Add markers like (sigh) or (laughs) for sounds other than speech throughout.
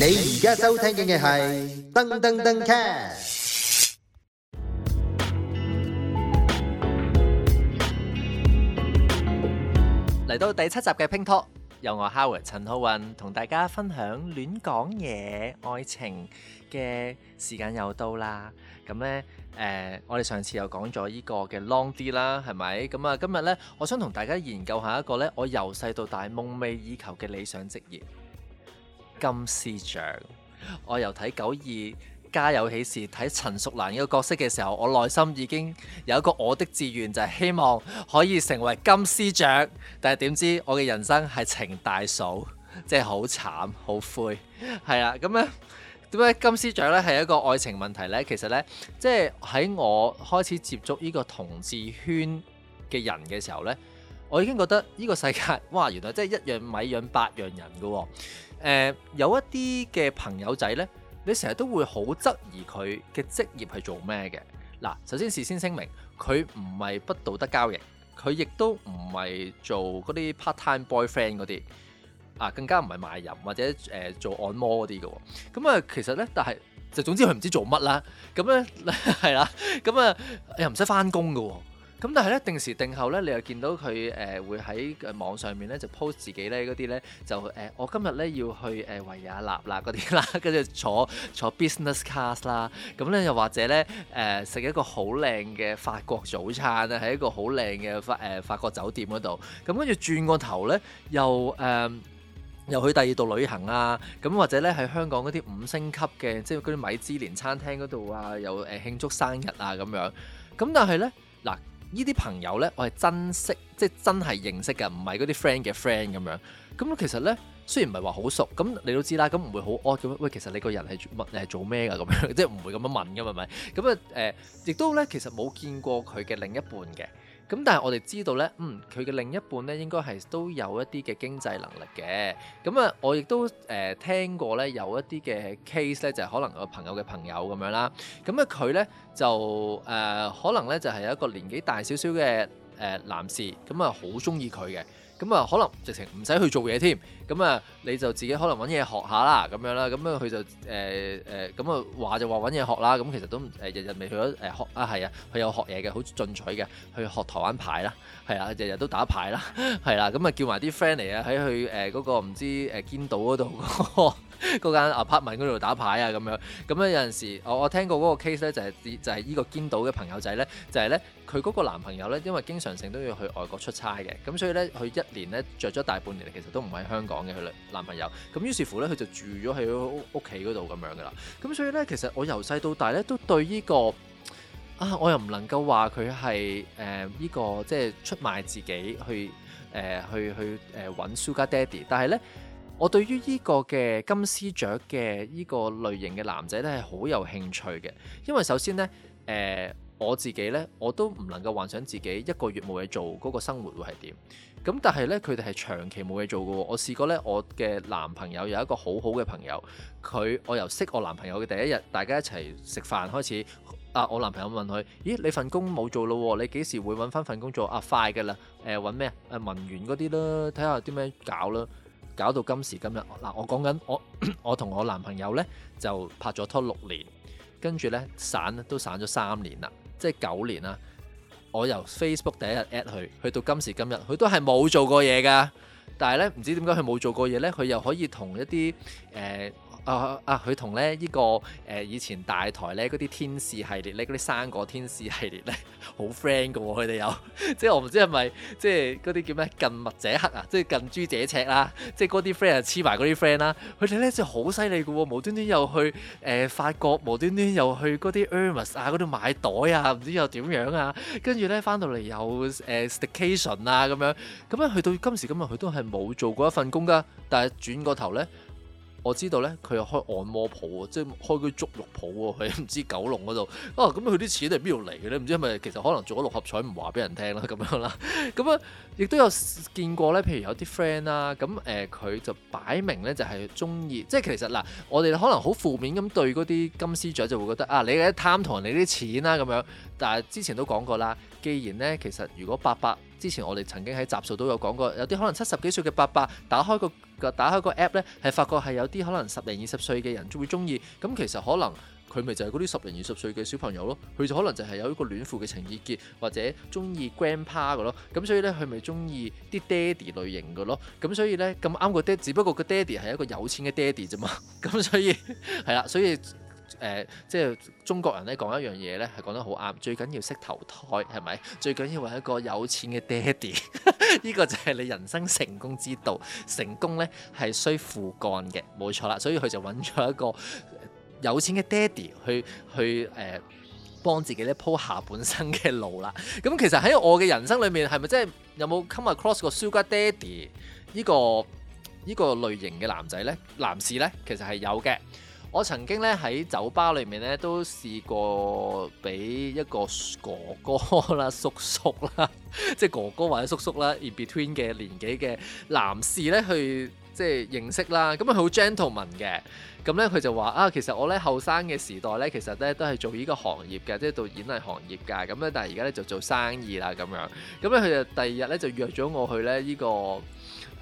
你而家收聽緊嘅係噔噔噔 cast，嚟到第七集嘅拼拖，由我 Howard 陳浩雲同大家分享亂講嘢愛情嘅時間又到啦。咁咧，誒，我哋上次又講咗呢個嘅 long 啲啦，係咪？咁啊，今日咧，我想同大家研究下一個咧，我由細到大夢寐以求嘅理想職業。金絲雀，我由睇九二家有喜事睇陳淑蘭呢個角色嘅時候，我內心已經有一個我的志願，就係、是、希望可以成為金絲雀。但係點知我嘅人生係程大嫂，即係好慘好灰。係啦，咁咧點解金絲雀咧係一個愛情問題咧？其實咧，即係喺我開始接觸呢個同志圈嘅人嘅時候咧。我已經覺得呢個世界，哇！原來真係一樣米養百樣人嘅喎。誒，有一啲嘅朋友仔呢，你成日都會好質疑佢嘅職業係做咩嘅？嗱，首先事先聲明，佢唔係不道德交易，佢亦都唔係做嗰啲 part time boyfriend 嗰啲啊，更加唔係賣淫或者誒、呃、做按摩嗰啲嘅。咁、嗯、啊，其實呢，但係就總之佢唔知做乜啦。咁咧係啦，咁、嗯、啊又唔使翻工嘅喎。咁但係咧定時定後咧，你又見到佢誒、呃、會喺網上面咧就 post 自己咧嗰啲咧就誒、呃、我今日咧要去誒、呃、維也納啦嗰啲啦，跟住坐坐 business class 啦，咁咧又或者咧誒食一個好靚嘅法國早餐啊，喺一個好靚嘅法誒、呃、法國酒店嗰度，咁跟住轉個頭咧又誒、呃、又去第二度旅行啊，咁、嗯、或者咧喺香港嗰啲五星級嘅即係嗰啲米芝蓮餐廳嗰度啊，又誒、呃、慶祝生日啊咁樣，咁但係咧嗱。呢啲朋友呢，我係真識，即係真係認識嘅，唔係嗰啲 friend 嘅 friend 咁樣。咁其實呢，雖然唔係話好熟，咁你都知啦，咁唔會好哦咁。喂，其實你個人係做乜？你係做咩㗎？咁樣即係唔會咁樣問㗎嘛？係咪咁啊？誒，亦、呃、都呢，其實冇見過佢嘅另一半嘅。咁但係我哋知道咧，嗯，佢嘅另一半咧應該係都有一啲嘅經濟能力嘅。咁啊，我亦都誒、呃、聽過咧，有一啲嘅 case 咧，就係、呃、可能個朋友嘅朋友咁樣啦。咁啊，佢咧就誒可能咧就係有一個年紀大少少嘅誒男士，咁啊好中意佢嘅，咁啊可能直情唔使去做嘢添。咁啊、嗯，你就自己可能揾嘢學下啦，咁樣啦，咁樣佢就誒誒咁啊話就話揾嘢學啦，咁其實都誒、呃、日日未去咗誒學啊，係啊，佢有學嘢嘅，好進取嘅，去學台灣牌啦，係啊，日日、啊、都打牌啦，係、啊、啦，咁啊叫埋啲 friend 嚟啊喺去誒個唔知誒堅島嗰度嗰個嗰間 apartment 度打牌啊咁樣，咁 (laughs) 咧 (laughs) (laughs) (laughs) (laughs) (laughs) (laughs) (laughs) 有陣時我我聽過嗰個 case 咧就係、是、就係、是、呢、就是、個堅島嘅朋友仔咧就係咧佢嗰個男朋友咧因為經常性都要去外國，外國出差嘅，咁所以咧佢一年咧着咗大半年其實都唔喺香港。嘅佢男朋友，咁於是乎咧，佢就住咗喺屋屋企嗰度咁樣噶啦。咁所以咧，其實我由細到大咧，都對呢個啊，我又唔能夠話佢係誒呢個即係出賣自己去誒、呃、去、呃、去誒揾 Sugar Daddy。呃、Daddy, 但係咧，我對於呢個嘅金絲雀嘅呢個類型嘅男仔咧，係好有興趣嘅。因為首先咧，誒、呃。我自己呢，我都唔能夠幻想自己一個月冇嘢做嗰、嗰個生活會係點。咁但係呢，佢哋係長期冇嘢做嘅喎。我試過呢，我嘅男朋友有一個好好嘅朋友，佢我由識我男朋友嘅第一日，大家一齊食飯開始，啊我男朋友問佢：咦你份工冇做咯？你幾時會揾翻份工做？啊快㗎啦，揾、呃、咩？誒、啊、文員嗰啲啦，睇下啲咩搞啦，搞到今時今日嗱、啊、我講緊我 (coughs) 我同我男朋友呢，就拍咗拖六年，跟住呢，散都散咗三年啦。即係九年啦，我由 Facebook 第一日 at 佢，去到今時今日，佢都係冇做過嘢㗎。但係咧，唔知點解佢冇做過嘢咧，佢又可以同一啲誒、呃啊啊！佢同咧呢個誒、啊、以前大台咧嗰啲天使系列咧嗰啲三個天使系列咧好 friend 㗎喎，佢 (laughs) 哋有、 (laughs) so、not，即係我唔知係咪即係嗰啲叫咩近墨者黑啊，即係近朱者赤啦，即係嗰啲 friend 啊黐埋嗰啲 friend 啦，佢哋咧就好犀利㗎喎，無端端又去誒法國，無端端又去嗰啲 Hermès 啊嗰度買袋啊，唔知又點樣啊，跟住咧翻到嚟又誒 station 啊咁樣，咁樣，咁樣去到今時今日佢都係冇做過一份工㗎，但係轉過頭咧。我知道咧，佢有開按摩鋪即係開個足浴鋪喎，佢唔知九龍嗰度啊。咁佢啲錢係邊度嚟嘅咧？唔知係咪其實可能做咗六合彩，唔話俾人聽啦，咁樣啦。咁啊，亦都有見過咧，譬如有啲 friend 啦，咁誒佢就擺明咧就係鍾意，即係其實嗱，我哋可能好負面咁對嗰啲金絲雀，就會覺得啊，你係貪同人哋啲錢啦咁樣。但係之前都講過啦，既然呢，其實如果八佰之前我哋曾經喺集數都有講過，有啲可能七十幾歲嘅八佰打開個打開個 app 呢，係發覺係有啲可能十零二十歲嘅人會中意，咁其實可能佢咪就係嗰啲十零二十歲嘅小朋友咯，佢就可能就係有一個暖父嘅情意結，或者中意 grandpa 嘅咯，咁所以呢，佢咪中意啲爹 a d 類型嘅咯，咁所以呢，咁啱個爹，只不過個爹 a d 係一個有錢嘅爹 a d 啫嘛，咁所以係啦， (laughs) 所以。誒、呃，即係中國人咧講一樣嘢咧，係講得好啱。最緊要識投胎，係咪？最緊要揾一個有錢嘅爹哋，呢 (laughs) 個就係你人生成功之道。成功咧係需父幹嘅，冇錯啦。所以佢就揾咗一個有錢嘅爹哋去去誒，幫、呃、自己咧鋪下半生嘅路啦。咁、嗯、其實喺我嘅人生裏面，係咪即係有冇 come across 個 sugar daddy 依、這個依、這個類型嘅男仔咧？男士咧，其實係有嘅。我曾經咧喺酒吧裏面咧都試過俾一個哥哥啦、叔叔啦，即係哥哥或者叔叔啦，in between 嘅年紀嘅男士咧去即係認識啦。咁 (music) 啊，佢好 gentleman 嘅。咁咧，佢就話啊，其實我咧後生嘅時代咧，其實咧都係做呢個行業嘅，即係做演藝行業㗎。咁咧，但係而家咧就做生意啦咁樣。咁咧，佢就第二日咧就約咗我去咧呢個誒、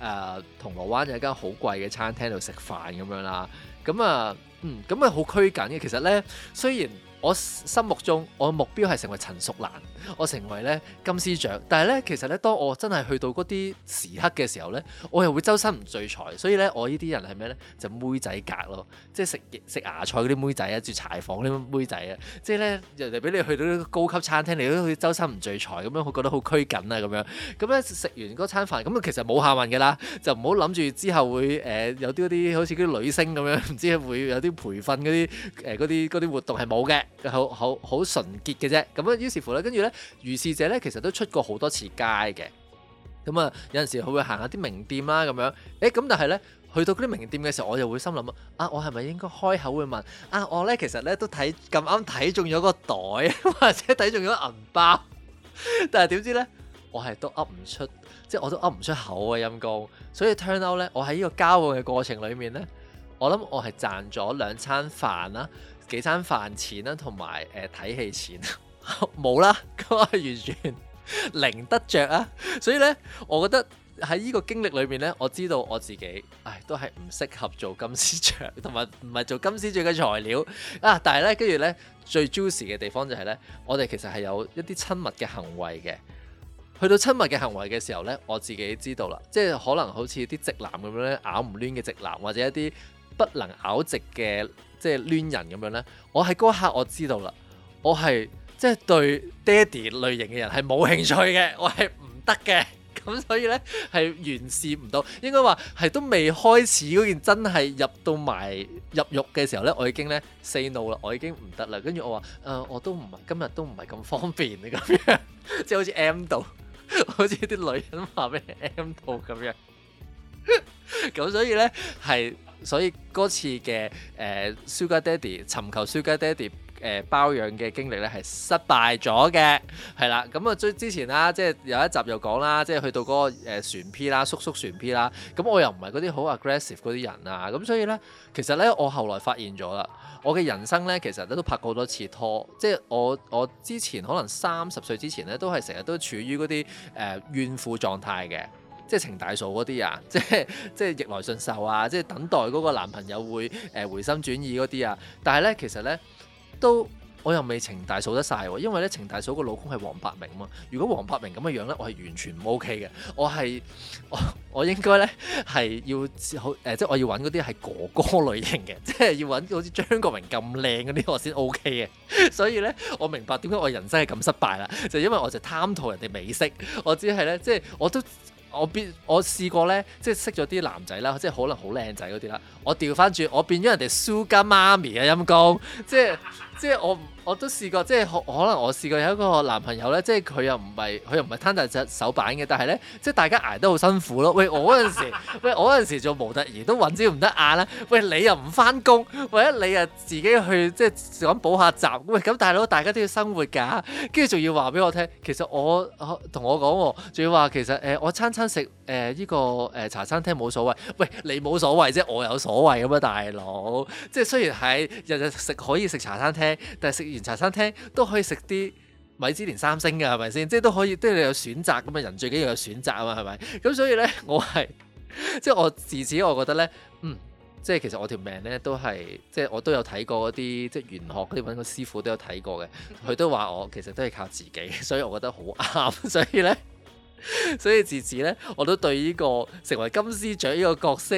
呃、銅鑼灣有一間好貴嘅餐廳度食飯咁樣啦。咁啊～嗯，咁咪好拘謹嘅。其實咧，雖然。我心目中我嘅目標係成為陳淑蘭，我成為咧金師長。但係咧，其實咧，當我真係去到嗰啲時刻嘅時候咧，我又會周身唔聚財。所以咧，我呢啲人係咩咧？就係、妹仔格咯，即係食食芽菜嗰啲妹仔啊，住柴房嗰啲妹仔啊。即係咧，人哋俾你去到啲高級餐廳，你都去周身唔聚財，咁樣佢覺得好拘謹啊咁樣。咁咧食完嗰餐飯，咁啊其實冇下運㗎啦，就唔好諗住之後會誒、呃、有啲嗰啲好似啲女星咁樣，唔知會有啲培訓啲誒啲嗰啲活動係冇嘅。好好好純潔嘅啫，咁啊於是乎咧，跟住咧，如是者咧其實都出過好多次街嘅，咁啊有陣時佢會行下啲名店啦咁樣，誒咁但係咧去到嗰啲名店嘅時候，我就會心諗啊，我係咪應該開口會問啊？我咧其實咧都睇咁啱睇中咗個袋，或者睇中咗銀包，但係點知咧我係都噏唔出，即係我都噏唔出口啊。陰公，所以 turn out 咧，我喺呢個交往嘅過程裡面咧。我諗我係賺咗兩餐飯啦、啊，幾餐飯錢，啊呃錢啊、啦，同埋誒睇戲錢，冇啦，咁啊完全零得着啊！所以呢，我覺得喺呢個經歷裏面呢，我知道我自己，唉，都係唔適合做金絲雀，同埋唔係做金絲雀嘅材料啊！但係呢，跟住呢最 juicy 嘅地方就係、是、呢，我哋其實係有一啲親密嘅行為嘅。去到親密嘅行為嘅時候呢，我自己知道啦，即係可能好似啲直男咁樣咧，咬唔攣嘅直男或者一啲。不能拗直嘅即係攣人，咁樣呢，我喺嗰刻，我知道啦，我係即係對爹地類型嘅人係冇興趣嘅，我係唔得嘅，咁所以呢係完事唔到，應該話係都未開始嗰件真係入到埋入肉嘅時候呢，我已經呢四怒啦，我已經唔得啦，跟住我話，誒，我都唔今日都唔係咁方便你，咁樣即係好似 M 度，好似啲女人話畀你 M 度咁樣，咁所以呢係。所以嗰次嘅誒、呃、Sugar Daddy 尋求 Sugar Daddy 誒、呃、包養嘅經歷咧係失敗咗嘅，係啦。咁、嗯、啊，最之前啦，即係有一集又講啦，即係去到嗰個船 P 啦，叔叔船 P 啦。咁我又唔係嗰啲好 aggressive 嗰啲人啊。咁所以呢，其實呢，我後來發現咗啦，我嘅人生呢，其實都拍過好多次拖。即係我我之前可能三十歲之前呢，都係成日都處於嗰啲誒怨婦狀態嘅。呃即係程大嫂嗰啲啊，即係即係逆來順受啊，即係等待嗰個男朋友會誒回心轉意嗰啲啊。但係咧，其實咧都我又未程大嫂得曬，因為咧程大嫂個老公係黃百鳴嘛。如果黃百鳴咁嘅樣咧，我係完全唔 OK 嘅。我係我我應該咧係要好誒、呃，即係我要揾嗰啲係哥哥類型嘅，即係要揾好似張國榮咁靚嗰啲我先 OK 嘅。所以咧我明白點解我人生係咁失敗啦，就是、因為我就貪圖人哋美色，我只係咧即係我都。我變我試過咧，即係識咗啲男仔啦，即係可能好靚仔嗰啲啦，我調翻轉，我變咗人哋 sugar 媽咪啊，陰公，即係。即係我我都試過，即係可可能我試過有一個男朋友咧，即係佢又唔係佢又唔係攤大隻手板嘅，但係咧即係大家捱得好辛苦咯。喂，我嗰陣時， (laughs) 喂我嗰陣時做模特兒都揾之唔得眼啦。喂，你又唔翻工，或者你又自己去即係想補下習。喂，咁大佬，大家都要生活㗎、啊，跟住仲要話俾我聽，其實我同、啊、我講仲要話其實誒、呃、我一餐一餐食。誒依、呃這個誒、呃、茶餐廳冇所謂，喂你冇所謂啫，我有所謂咁啊，大佬！即係雖然係日日食可以食茶餐廳，但係食完茶餐廳都可以食啲米芝蓮三星嘅，係咪先？即係都可以，都係有選擇咁啊！人最緊要有選擇啊嘛，係咪？咁所以咧，我係即係我自此我覺得咧，嗯，即係其實我條命咧都係，即係我都有睇過嗰啲即係玄學嗰啲揾個師傅都有睇過嘅，佢都話我其實都係靠自己，所以我覺得好啱，所以咧。所以自此咧，我都對呢、呢個成為金絲雀呢個角色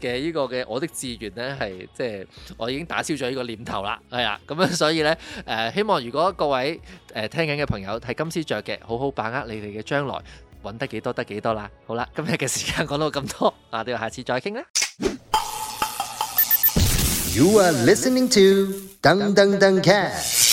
嘅呢、呢個嘅我的志願呢，係即係我已經打消咗呢個念頭啦。係啦，咁樣所以呢，誒、呃，希望如果各位誒、呃、聽緊嘅朋友係金絲雀嘅，好好把握你哋嘅將來，揾得幾多得幾多啦。好啦，今日嘅時間講到咁多，我哋下次再傾啦。You are listening to 噔噔噔 Cat